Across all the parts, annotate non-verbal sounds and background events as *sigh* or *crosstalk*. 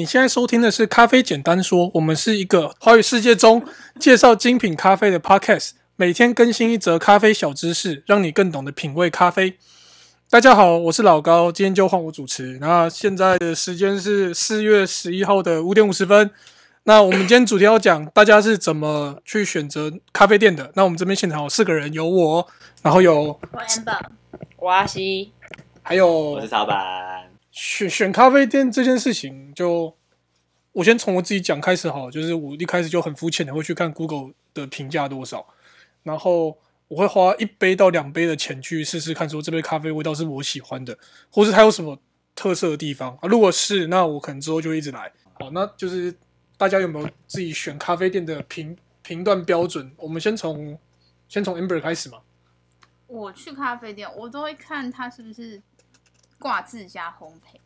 你現在收聽的是《咖啡簡單說》，我們是一個華語世界中介紹精品咖啡的 podcast，每天更新一則咖啡小知識，讓你更懂得品味咖啡。大家好，我是老高，今天就換我主持。那現在的時間是四月十一號的五點五十分。那我們今天主題要講大家是怎麼去選擇咖啡店的。那我們這邊現場有四個人，有我，然後有我阿西，還有我是曹板。選選咖啡店這件事情就，就我先從我自己講開始好，就是我一開始就很膚淺的會去看 Google 的評價多少，然後我會花一杯到兩杯的錢去試試看，說這杯咖啡味道是我喜歡的，或是它有什麼特色的地方啊。如果是，那我可能之後就一直來。好，那就是大家有沒有自己選咖啡店的評評斷標準？我們先從先從 Amber 開始嘛。我去咖啡店，我都會看他是不是。掛自家烘焙，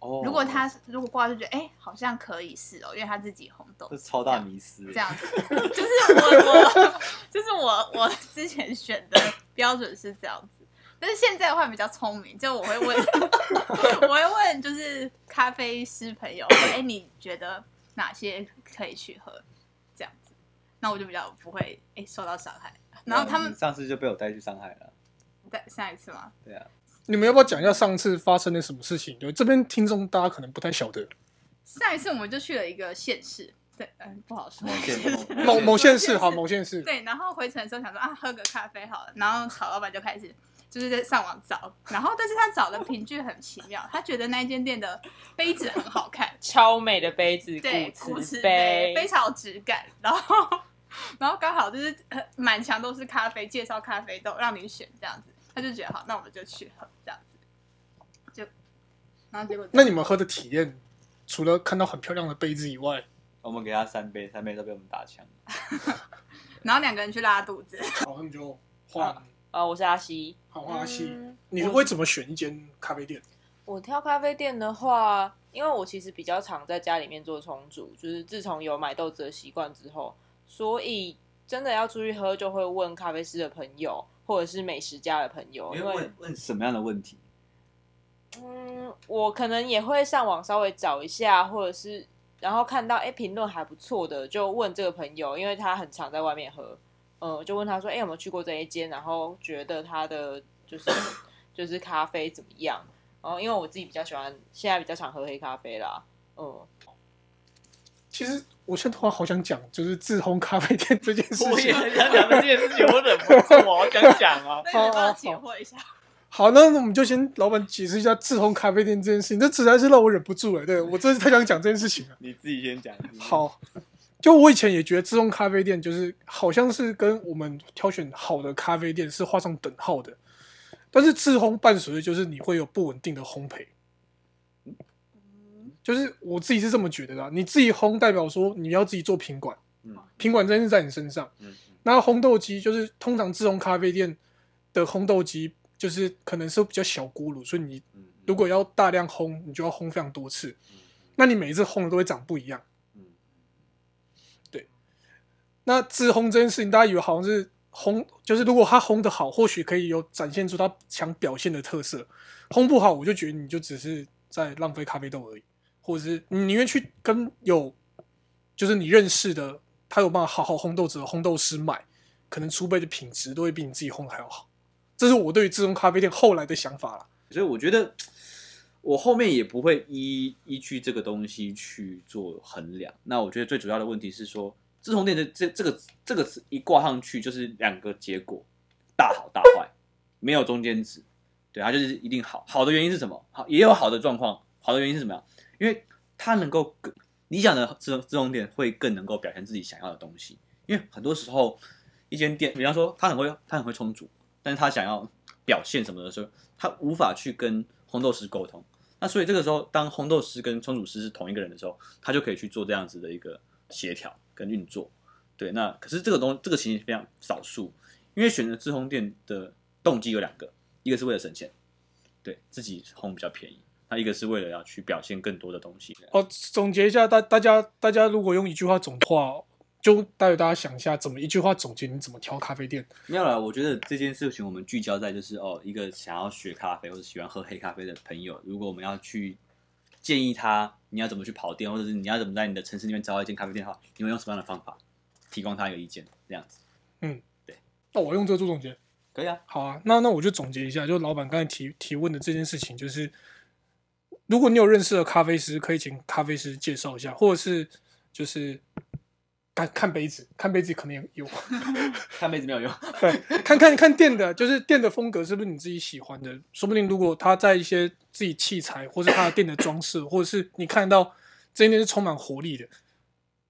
哦、oh.，如果他如果掛就覺得哎、欸，好像可以試哦，因為他自己烘焙。這這超大迷思，這樣子就是我我就是我我之前選的標準是這樣子，但是現在的話比較聰明，就我會問 *laughs* 我會問就是咖啡師朋友，哎、 *coughs* 欸，你覺得哪些可以去喝？這樣子，那我就比較不會哎、欸、受到傷害、嗯，然後他們上次就被我帶去傷害了，再，下一次嗎？對啊。你們要不要講一下上次發生了什麼事情？就這邊聽眾大家可能不太曉得。上一次我們就去了一個縣市，對，嗯，不好說。Okay. 某某縣市，好，某縣市、啊、某縣市。對，然後回程的時候想說啊，喝個咖啡好了。然後郝老闆就開始就是在上網找，然後但是他找的憑據很奇妙， *laughs* 他覺得那間店的杯子很好看，超美的杯子，古瓷杯對，非常有質感。然後然後剛好就是滿牆、呃、都是咖啡，介紹咖啡豆，讓你選這樣子。他就覺得好，那我們就去喝這樣子，就然後結果，那你們喝的體驗，除了看到很漂亮的杯子以外，我們給他三杯，三杯都被我們打槍 *laughs* 然後兩個人去拉肚子，他 *laughs* 們就換啊，啊，我是阿西，好，阿西，嗯，你會怎麼選一間咖啡店？我挑咖啡店的話，因為我其實比較常在家裡面做沖煮，就是自從有買豆子的習慣之後，所以真的要出去喝，就會問咖啡師的朋友。或者是美食家的朋友，因為問，問什麼樣的問題？嗯，我可能也會上網稍微找一下，或者是然後看到哎評論還不錯的，就問這個朋友，因為他很常在外面喝，嗯、呃，就問他說，哎有沒有去過這一間，然後覺得他的就是就是咖啡怎麼樣？然後因為我自己比較喜歡，現在比較常喝黑咖啡啦，嗯、呃。其實我現在話好想講，就是自烘咖啡店這件事情。我也很想講這件事情，我忍不住，我好想講啊！好好請解惑一下。好，啊好，那那我們就先老闆解釋一下自烘咖啡店這件事情。這實在是讓我忍不住了，欸，對我真是太想講這件事情了。 *laughs* 你自己先講。好，就我以前也覺得自烘咖啡店就是好像是跟我們挑選好的咖啡店是畫上等號的，但是自烘伴隨的就是你會有不穩定的烘焙。就是我自己是這麼覺得的啊，你自己烘代表說你要自己做品管，品管真的是在你身上，那烘豆機就是通常自烘咖啡店的烘豆機就是可能是比較小鍋爐，所以你如果要大量烘，你就要烘非常多次，那你每一次烘的都會長不一樣，對，那自烘這件事情，大家以為好像是烘，就是如果它烘得好，或許可以有展現出它想表現的特色，烘不好，我就覺得你就只是在浪費咖啡豆而已。或者是你寧願去跟有，就是你認識的，他有辦法好好烘豆子的烘豆師買，可能出杯的品質都會比你自己烘的還要好。這是我對於自動咖啡店後來的想法了。所以我覺得我後面也不會依依據這個東西去做衡量。那我覺得最主要的問題是說，自動店的這這個這個詞一掛上去，就是兩個結果，大好大壞， *laughs* 沒有中間值。對，它就是一定好。好的原因是什麼？好，也有好的狀況，好的原因是什麼呀？因為他能夠更理想的自自烘店，會更能夠表現自己想要的東西，因為很多時候一間店，比方說他很會他很會沖煮，但是他想要表現什麼的時候，他無法去跟烘豆師溝通。那所以這個時候，當烘豆師跟沖煮師是同一個人的時候，他就可以去做這樣子的一個協調跟運作。對，那可是這個東這個情形非常少數，因為選擇自烘店的動機有兩個，一個是為了省錢，對自己烘比較便宜。他一個是為了要去表現更多的東西的哦。總結一下，大大家大家如果用一句話總的話，就帶着大家想一下，怎麼一句話總結？你怎麼挑咖啡店？沒有了。我覺得這件事情我們聚焦在就是哦，一個想要學咖啡或者喜歡喝黑咖啡的朋友，如果我們要去建議他你要怎麼去跑店，或者是你要怎麼在你的城市裡面找到一間咖啡店的話，你會用什麼樣的方法提供他一個意見？這樣子，嗯，對。那、哦、我用這個做總結，可以啊，好啊。那那我就總結一下，就是老板剛才提提問的這件事情，就是。如果你有認識的咖啡師，可以請咖啡師介紹一下，或者是就是看看杯子，看杯子可能也有 *laughs* 看杯子沒有用，對，看看看店的，就是店的風格是不是你自己喜歡的，說不定如果他在一些自己器材，或者他的店的裝飾，或者是你看到這間店是充滿活力的，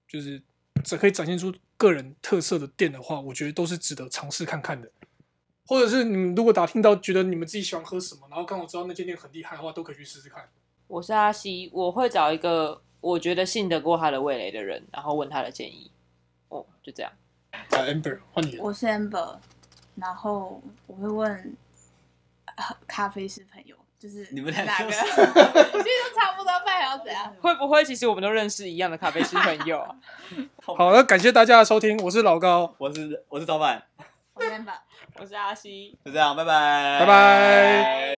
就是只可以展現出個人特色的店的話，我覺得都是值得嘗試看看的，或者是你們如果打聽到覺得你們自己喜歡喝什麼，然後剛好知道那間店很厲害的話，都可以去試試看。我是阿西，我會找一個我覺得信得過他的味蕾的人，然後問他的建議。哦、oh，就這樣。找、uh, Amber 換你。我是 Amber，然後我會問咖啡師朋友，就是你們兩個？哪個？ *laughs* *laughs* 其實都差不多，還要怎樣？ *laughs* 會不會？其實我們都認識一樣的咖啡師朋友、啊。 *laughs* 好了，那感謝大家的收聽。我是老高，我是我是老闆 *laughs* 是，Amber， *laughs* 我是阿西。就這樣，拜拜，拜拜。